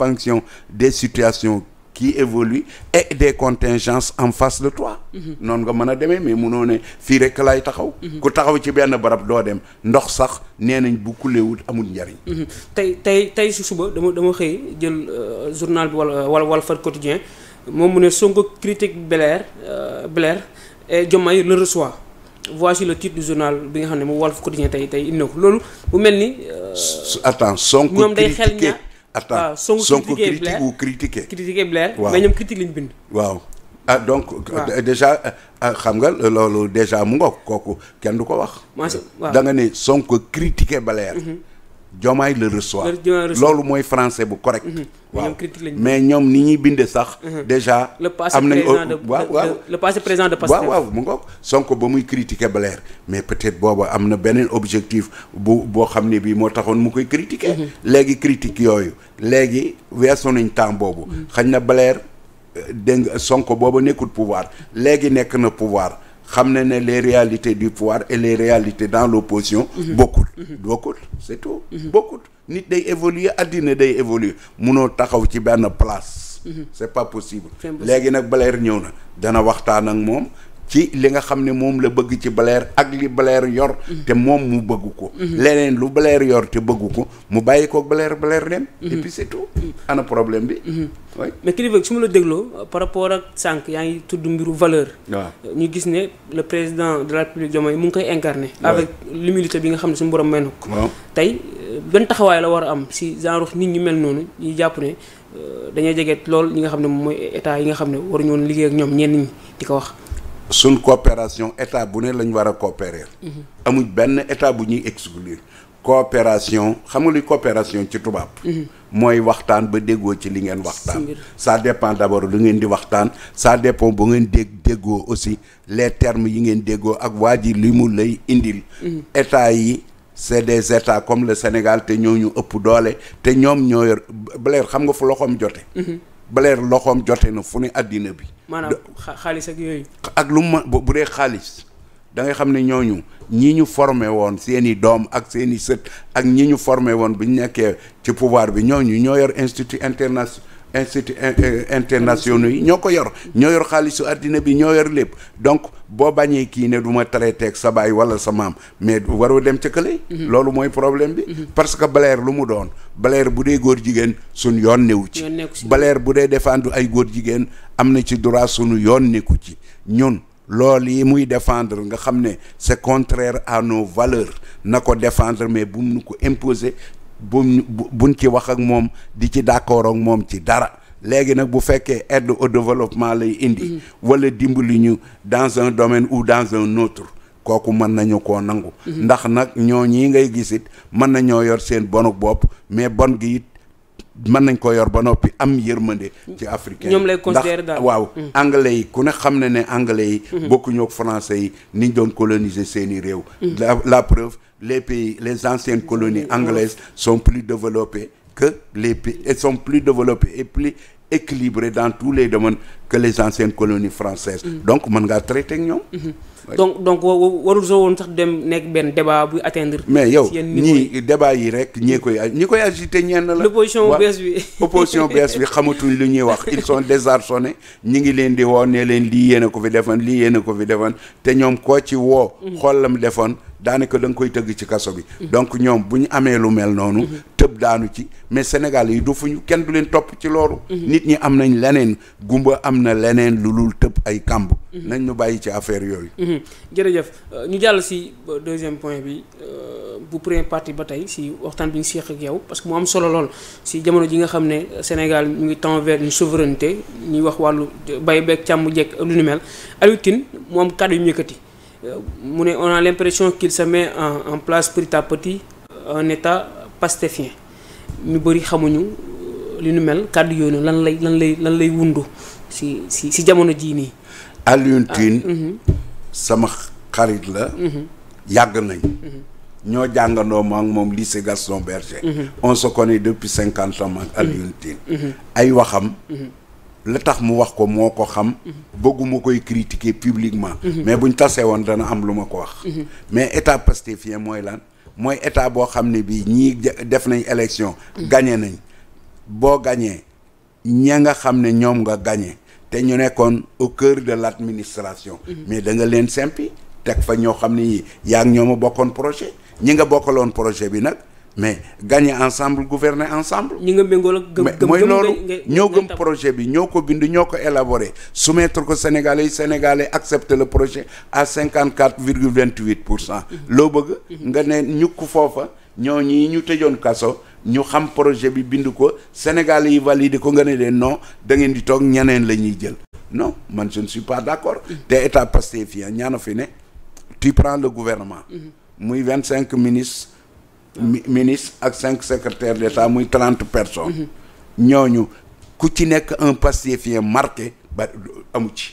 fonction des situations qui évoluent et de contingences en face de toi. noonu nga mën a demee mais munoo ne fii rek laay taxaw. ku taxaw ci benn barab doo dem ndox sax nee nañ bu kulewul amul njariñ. Mhm. tey tey tey si suba dama dama xëy jël euh, journal bi wala wala Walf Quotidien moom mu ne Sonko critique Blair euh, Blair et Diomaye le reçoit. voici le titre du journal bi nga xam ne mu Walf Quotidien tey tey indi loolu bu mel ni. Euh, attends Sonko critiqué attends waaw Sonko critique ou critiqué critiqué waaw mais ñoom critique lañ bind waaw ah donc euh, déjà euh, euh, xam nga loolu déjà mu nga kooku kenn du ko wax da nga ne Sonko critiqué Blair mm-hmm. Diomaye le reçoit loolu mooy français bu correct mhm. waaw mais ñoom ni ñuy bindee sax mhm. déjà am nañ waaw waaw le passé présent de Pastef waaw waaw mu ngoog Sonko ba muy critique Blair mais peut-être booba am na beneen objectif bu boo xam ni bii moo taxoon mu koy critiquer mhm. léegi critique yooyu léegi weesu nañ temps boobu xañ na baleer euh, dégg sonk Sonko booba nekkul pouvoir léegi nekk na pouvoir xam na ne les réalités du pouvoir et les réalités dans l'opposition mhm. bokkul mhm. Mhm. bokkul c'est tout bokkut nit day évoluer addina day évoluer munoo taxaw ci benn place c'est pas possible léegi nag baler ñëw na dana waxtaan ak moom ci li nga xam ne moom la bëgg ci baleer ak li baleer yor mm-hmm. te moom mu bëgg ko mm-hmm. leneen lu baleer yor te bëgg ko mu bàyyi ko Blair Blair dem mm-hmm. et puis c'est tout ana problème bi oui mais ma la dégloo par rapport ak sànq yaa ngi tudd mbiru valeur waaw ñu gis ne le président de la République Diomaye mu ngi koy incarner avec l'humilité bi nga xam ne suñu borom may na ko tey benn taxawaay la war a am si genre nit ñi mel noonu ñu jàpp ne euh, dañuy jege lool ñi nga xam ne mooy état yi nga xam ne waruñu woon liggéey ak ñoom ñenn ñi di ko wax suñ coopération état bu ne lañ war a coopérer. Mhm. amuñ benn état bu ñuy exclure coopération xam nga luy coopération ci tubaab. Mhm. mooy waxtaan ba déggoo ci li ngeen waxtaan. ça dépend d'abord lu ngeen di waxtaan ça dépend bu ngeen dégg déggoo aussi les termes yi ngeen déggoo ak waa ji li mu lay indil. Mhm. état yi. c'est des états comme le Sénégal te ñoo ñu ëpp doole te ñoom ñoo yor Blair xam nga fu loxoom jote mhm. Blair loxoom jote na fu ne àddina bi. maanaam xaalis ak yooyu. ak lu ma bu dee xaalis da ngay xam ne ñooñu ñii ñu formé woon seen i doom ak seeni sët ak ñi ñu formé woon bi ñu nekkee ci pouvoir bi ñooñu ñoo yor institut international. institut internationaux yi ñoo ko yor ñoo yor xaalisu àddina bi ñoo yor lépp donc boo bañee kii ne du ma traité ak sa baay wala sa maam mais waru dem ca kële. Mhm. loolu mooy problème bi. Mhm. parce que baleer lu mu doon baleer bu dee góor jigéen suñ yoon newu ci. baleer bu dee defendre ay góor jigéen am na ci droit suñu yoon nekku ci ñun. lool yi muy defendre nga xam ne c'est contraire à nos valeurs na ko défendre mais bu mu nu ko imposer bu buñ ci wax ak moom di ci d'accord ak moom ci dara léegi nag bu fekkee aide au développement lay indi mm. wala dimbali ñu dans un domaine ou dans un autre kooku mën nañu koo nangu mm-hmm. ndax nag ñoo ñi ngay gisit mën nañoo yor seen bonuk bopp mais bon gi it mën nañ ko yor ba noppi am yërmande ci africain ñoom lay considérer daal waaw mm. anglais yi ku ne xam ne ne anglais yi mm-hmm. bokkuñu ak français yi niñ doon coloniser seeni réew mm. la la preuve les pays les anciennes colonies mm. anglaises sont plus développées que les pays sont plus développées et plus équilibré dans tous les domaines que les anciennes colonies françaises mm. donc mën ngaa traité ak ñoom mm-hmm. donc donc warul soo woon sax dem nekk benn débat buy atteindre mais yow ñii débat yi rek ñii koy ñi koy agité ñenn la l'opposition bees bi opposition bees bi xamatuñ lu ñuy wax ils sont désarçonnés ñi ngi leen di woo ne leen lii yéen ko fi defoon lii yéen ko fi defoon te ñoom koo ci woo mm. xool la mu defoon daanaka da nga koy tëgg ci kaso bi. Mm-hmm. donc ñoom bu ñu amee lu mel noonu. Mm-hmm. tëb daanu ci mais Sénégal yi du fu ñu kenn du leen topp ci loolu. Mm-hmm. nit ñi am nañ leneen gumba am na leneen lu lul tëb ay kàmb. nañ ñu bàyyi ci affaire yooyu. jërëjëf euh, ñu jàll si euh, deuxième point bi euh, bu première partie ba tey si waxtaan bi ñu seex ak yow parce que mu am solo lool si jamono ji nga xam ne Sénégal ñu ngi tend vers une souveraineté ñuy wax wàllu bay beeg càmm jekk lu ni mel Alioune Tine mu am kàddu mu ne on a l'impression qu'il se met en en place petit à petit un état pastéfien ñu bëri xamuñu euh, li nu mel kàddu yooyu lan lay lan lay lan lay wundu si si si jamono jii nii. Alioune ah, Tine mhm. sama xarit la. Mhm. yàgg nañ. Mhm. ñoo jàngandoo moom ak moom lycée Gaston Berger. on se connaît depuis cinquante ans ak ay waxam. la tax mu wax ko moo ko xam bëgguma koy critiquer publiquement mhm. mais bu buñ tasee woon dana am lu ma ko wax mhm. mais état pastefien mooy lan mooy état boo xam ne bii ñii def nañ élection mhm. gagné nañ boo gañee ña nga xam ne ñoom nga gagné te ñu nekkoon au cœur de l'administration mais da leen simpi teg fa ñoo xam ne yi yaa ngi ñoo ma bokkoon projet ñi nga bokkaloon projet bi nag mais gagner ensemble gouverner ensemble. ñi nga méngóol ak gëm mooy loolu ñoo gëm projet bi ñoo ko bind ñoo ko élaboré soumettre ko Sénégalais yi Sénégalais accepter le projet à cinquante quatre virgule vingt huit pour cent. Mhm. loo bëgg mhm. nga ne ñukk foofa ñoo ñii ñu tëjoon kaso ñu xam projet bi bind ko Sénégalais yi validé ko nga ne leen non da ngeen di toog ñeneen la ñuy jël non man je ne suis pas d' accord. Mhm. te état Pastef ñaan ñaana fi ne tu prends le gouvernement. muy vingt cinq ministres. ministre ak cinq secrétaires d'État muy trente personnes mhm. ñu ku ci nekk un pastefien marqué ba amu ci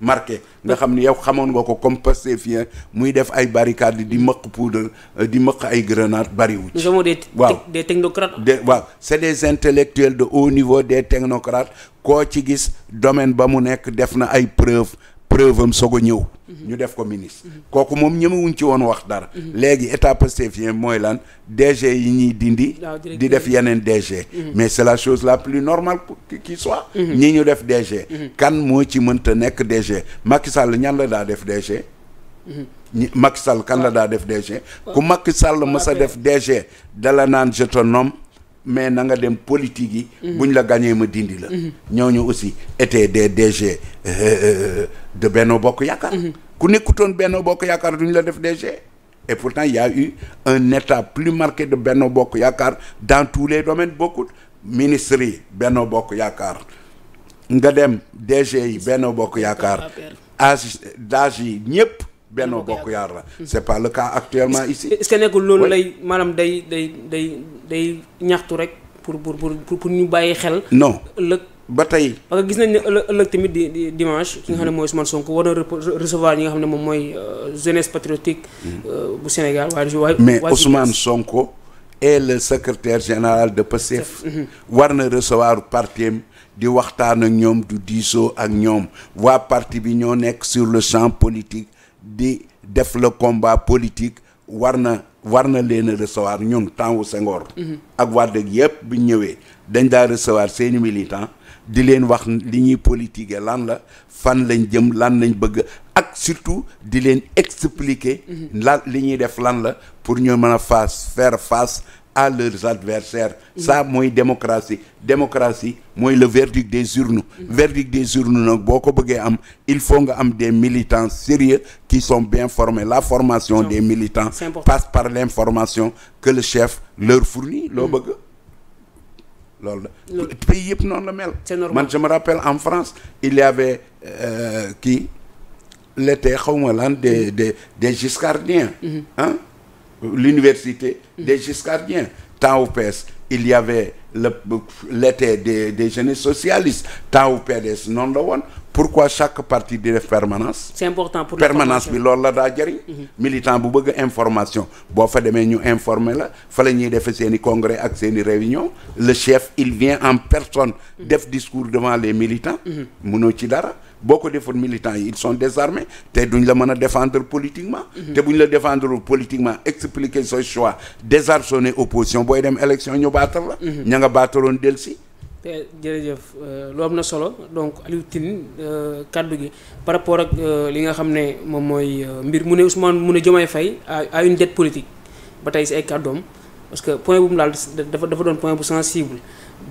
marqué nga xam ni yow xamoon nga ko comme pastefien muy def ay barricades di mëq poudre di mëq ay grenades bariwu ci waaw des technocrates waaw c'est des intellectuels de haut niveau des technocrates koo ci gis domaine ba mu nekk def na ay preuves preuve am soog a ñëw. Mhm. ñu def ko ministe kooku moom ñemewuñ ci woon wax dara. Mhm. léegi état pastefien mooy lan DG yi ñuy dindi. di def yeneen DG. Mhm. mais c'est la chose la plus normale qui soit. ñi ñu def DG. kan moo ci mënta nekk DG Macky Sall ñan la daa def DG. ñi Macky Sall kan la daa def DG. ku Macky Sall mës a def DG dala naan je nomme mais na nga dem politique yi. Mhm. buñ la gagné ma dindi la. Mhm. ñooñu aussi étaient des DG euh, euh, de Benno Bokk Yaakaar. Mhm. ku nekkutoon Benno Bokk Yaakaar duñ la def DG. et pourtant il y a eu un état plus marqué de Benno Bokk Yaakaar dans tous les domaines bokkut ministres yi Bokk Yaakaar nga dem DG yi Benno Bokk Yaakaar. ag dage yi ñëpp Benno Bokk Yaakaar la c'est pas le cas actuellement ici. est-ce que nekkul loolu lay maanaam day day day day ñaxtu rek pour pour pour pour ñu bàyyi xel. non ëllëg. ba tey parce que gis nañ ne ëllëg tamit di dimanche. ki nga xam ne mooy Ousmane Sonko war na recevoir ñi nga xam ne moom mooy euh, jeunesse patriotique. Mm-hmm. Euh, bu Sénégal waaye mais Ousmane Sonko. est le secrétaire général de PASTEF. Mm-hmm. war na recevoir parti di waxtaan ak ñoom du diisoo ak ñoom waa parti bi ñoo nekk sur le champ politique. di def le combat politique war na war na leen a recevoir ñun temps wu Senghor mhm. ak Wade yëpp bu ñëwee dañ daa recevoir seeni militant di leen wax li ñuy politique lan la fan lañ jëm lan lañ bëgg ak surtout di leen expliquer. Mhm. la li ñuy def lan la pour ñu mën a face faire face à leurs adversaires ça mooy démocratie démocratie mooy le verdict des urnes verdict des urnes na boo ko bëggee am il faut nga am des militants sérieux qui sont bien formés la formation des militants passe par l'information que le chef leur fournit loo mm. bëgg la pays yëpp noonu la man je ma rappelle en France il y avait euh, qui l'été xawma lan des des des Giscardiens mm-hmm. l'université des Giscardiens temps au PS il y avait l'été des des jeunes socialistes temps au PDS noonu la woon pourquoi chaque parti di def permanence. c'est important pour permanence bi loolu la daa jëriñ. Mhm. militant bu bëgg information boo fa demee ñu informer la fa la ñuy defee seen i congrès ak seen i réunion le chef il vient en personne. Mhm. def discours devant les militants. mënoo mhm. ci dara. boo ko defoon militants yi ils sont désarmés te duñ la mën a défendre politiquement. Mhm. te buñ la défendre politiquement expliquer son choix désarçonner opposition booy dem élection ñu baatal la. Mhm. ña nga baataloon dellusi. te jërëjëf euh, lu am na solo donc Aliou Tine euh, gi par rapport ak euh, li nga xam ne moom mooy mbir mu ne Ousmane mu ne Diomaye Faye à une dette politique ba tey si ay kàddoom que point bu mu dafa doon point bu sensible ñu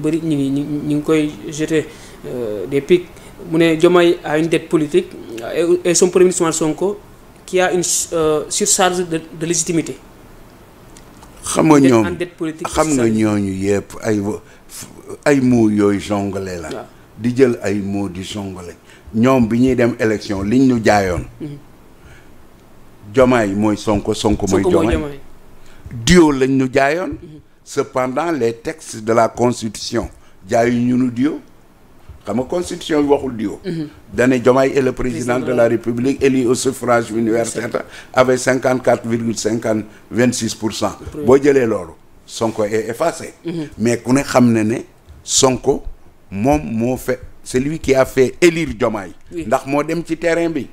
bëri ñu ngi ñu ngi koy jeter. Euh, des pics mu ne Diomaye a une dette politique euh, et son premier ministre Sonko qui a une euh, surcharge de de légitimité. xam nga ñoom xam nga ñooñu yëpp ay ay mots yooyu jonglé la. di jël ay mots di jonglé ñoom bi ñuy dem élection liñ ñu jaayoon. Mm-hmm. Diomaye mooy Sonko Sonko mooy. Diomaye duo lañ nu jaayoon. Mm-hmm. cependant les textes de la constitution jaayu ñu nu duo. xam nga constitution bi waxul duo mhm. dane Diomaye est le président de la République élu au suffrage universel avec cinquante quatre virgule cinquante vingt pour cent boo jëlee loolu Sonko est effacé mhm. mais ku ne xam ne ne Sonko moom moo fait c'est lui qui a fait élire Diomaye ndax moo dem ci terrain bi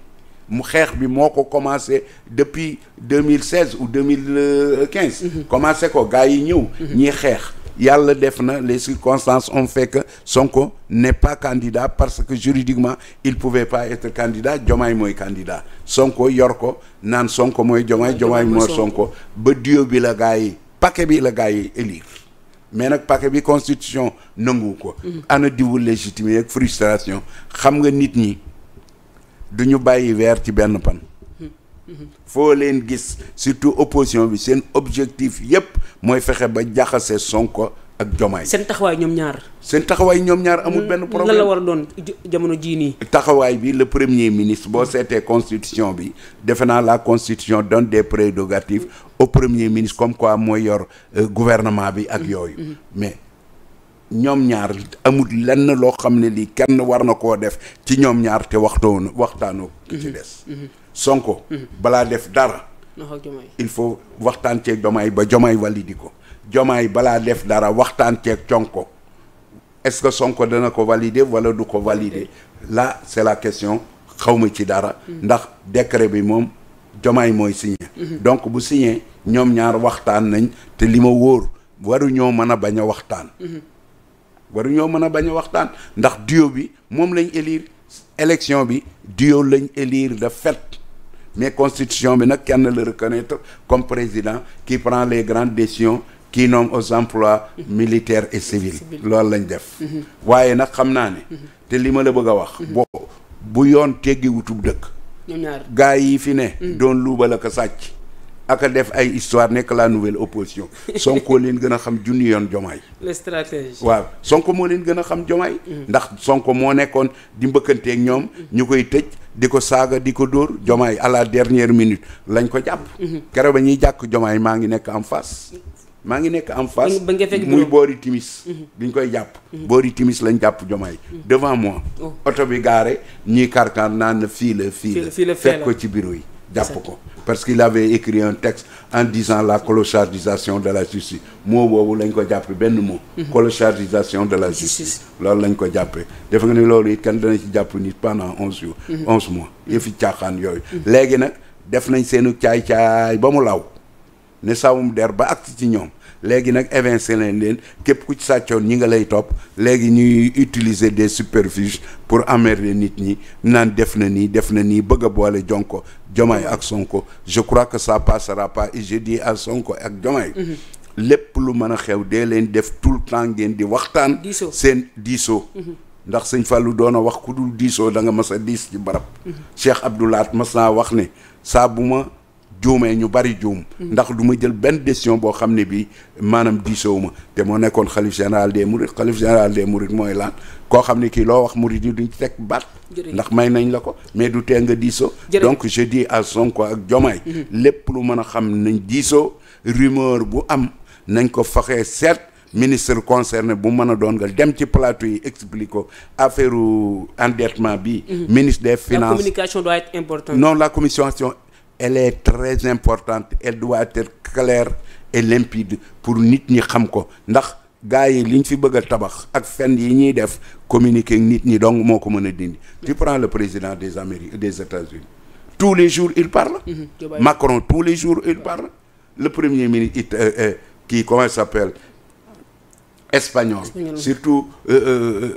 mu xeex bi moo ko commencé depuis deux mille seize ou deux mille quinze mhm. commencé ko gars yi ñëw ñii xeex yàlla def na les circonstances constance fait que Sonko ne pas candidat parce que juridiquement il pouvait pas être candidat Diomaye mooy candidat Sonko yor ko naan Sonko mooy Diomaye Diomaye mooy Sonko ba duo bi gars yi paquet bi la gars yi élire mais nag paquet bi constitution nangu ko mhm. ana diwu légitimité ak frustration xam nga nit ñi du ñu bàyyi weer ci benn pan foo leen gis surtout opposition bi seen objectif yépp mooy fexe ba jaxase Sonko ak Jomaay. seen taxawaay ñoom ñaar. seen taxawaay ñoom ñaar amul benn problème lan la war doon jamono jii nii. taxawaay bi le premier ministre boo seetee constitution bi defe naa la constitution donne des prérogatives au premier ministre comme quoi mooy yor euh, gouvernement bi ak yooyu. mais ñoom ñaar amul lenn loo xam ne lii kenn war na koo def ci ñoom ñaar te waxtoon waxtaanoo. ki ci des. Sonko. balaa def dara. il faut waxtaan ceeg Diomaye ba Diomaye validi ko Diomaye balaa def dara waxtaan ceeg conko est-ce que Sonko dana ko valider wala du ko valider là c'est la question xawma ci dara. Mm-hmm. ndax décret bi moom Diomaye mooy signé. Mm-hmm. donc bu signé ñoom ñaar waxtaan nañ te li ma wóor waruñoo mën a bañ a waxtaan. Mm-hmm. waruñoo mën a bañ a waxtaan ndax dio bi moom lañ élire élection bi duo lañ élire de fait. mais constitution bi nag kenn le reconnaître comme président qui prend les grandes décisions qui noom aux emplois militaires et civils loolu lañ def mhm. waaye nag xam naa ne mhm. te li ma la bëgg a wax mhm. bo bu yoon teggi wutub dëkk gaa yi fi ne doon luubal ko sàcc aka def ay histoire nekk la nouvelle opposition Sonko leen gën a xam junni yoon jomaay les stratégies waaw Sonko moo leen gën a xam jomaay mm. ndax Sonko moo nekkoon di mbëkkanteeg ñoom mm. ñu koy tëj di ko saaga di ko dóor jomaay à la dernière minute lañ ko jàpp mm-hmm. keroog ba ñuy jàkk jomaay maa ngi nekk en fas maa ngi nekk en face muy boori timis mm-hmm. bi ñu koy jàpp mm-hmm. boori timis lañ jàpp jomaay devant moi oh. oto bi gaare ñiy karkar naan na fii la fii la fekk ko ci bureau yi jàpp ko parce qu'il avait écrit un texte en ans la clochardisation de la justice moo boobu lañ ko jàppe benn mot mhm. clochardisation de la justice loolu lañ ko jàppee def nga ni loolu it kan dana ci jàpp nit pendant onze jours mhm. onze mois mhm. yëfi caaxaan yooyu léegi nag def nañ seenu caay-caay ba mu law ne sawum der ba agsi ci ñoom léegi nag évincé nañ leen képp ku ci sàccoon ñi nga lay topp léegi ñuy utiliser des subterfuges pour emmerder nit ñi naan def na nii def na nii bëgg a boole Jonko Jomaay ak Sonko je crois que ça passera pas et je dis à Sonko ak Jomaay mhm. lépp lu mën a xew dee leen def tout le temps ngeen di waxtaan seen diisoo mhm. ndax sëñ Fallou doon a wax ku dul diisoo da nga mas a diis ci barab mhm. Cheikh Abdoulaat mas naa wax ne saa bu ma juumee ñu bari juum mm. ndax du ma jël benn décision boo xam ne bii maanaam diisoowu ma te moo nekkoon xalif général des mourides xalif général des mourides mooy laan koo xam ne kii loo wax murid yi duñ ci teg baat ndax may nañ la ko mais du tee nga diisoo donc je dis à Sonko ak Diomaye mm-hmm. lépp lu mën a xam nañ diisoo rumeur bu am nañ ko faxee seet ministre concerné bu mën a doon nga dem ci plateau yi explique ko affaire endettement bi mm-hmm. ministre des finances la non la elle est très importante elle doit être claire et limpide pour nit ñi xam ko ndax gars yi liñ fi bëgg a tabax ak fenn yi ñuy def communiquer nit ñi donc moo ko mën a dindi tu prends le président des Amériques des États-Unis tous les jours il parle mmh. Macron tous les jours il parle le premier ministre it euh, euh, qui comment il s'appelle espagnol surtout euh,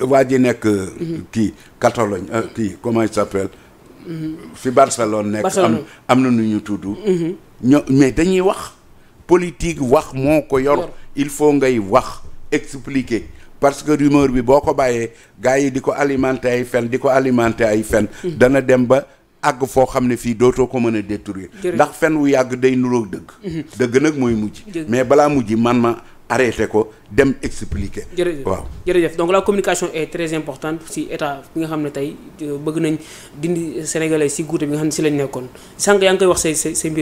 euh, waa ji nekk mm-hmm. kii Catalogne kii comment il s'appelle fi Barcelone nekk am am na nu ñu tudd ñoo mais dañuy wax politique wax moo ko yor il faut ngay wax expliquer parce que rumeur bi boo ko bàyyee gars yi di ko alimenter ay fen di ko alimenter ay fen mm. dana dem ba àgg foo xam ne fii dootoo ko mën a détruire ndax fen wu yàgg day nuroo dëgg mm-hmm. dëgg nag mooy mujj mais balaa mujj man ma arrêté ko dem expliquer. donc la communication est très importante si état bi nga xam ne tey euh, bëgg nañ dindi sénégalais si guute bi nga xam ne si lañ nekkoon sànq yaa ngi koy wax say say mbir.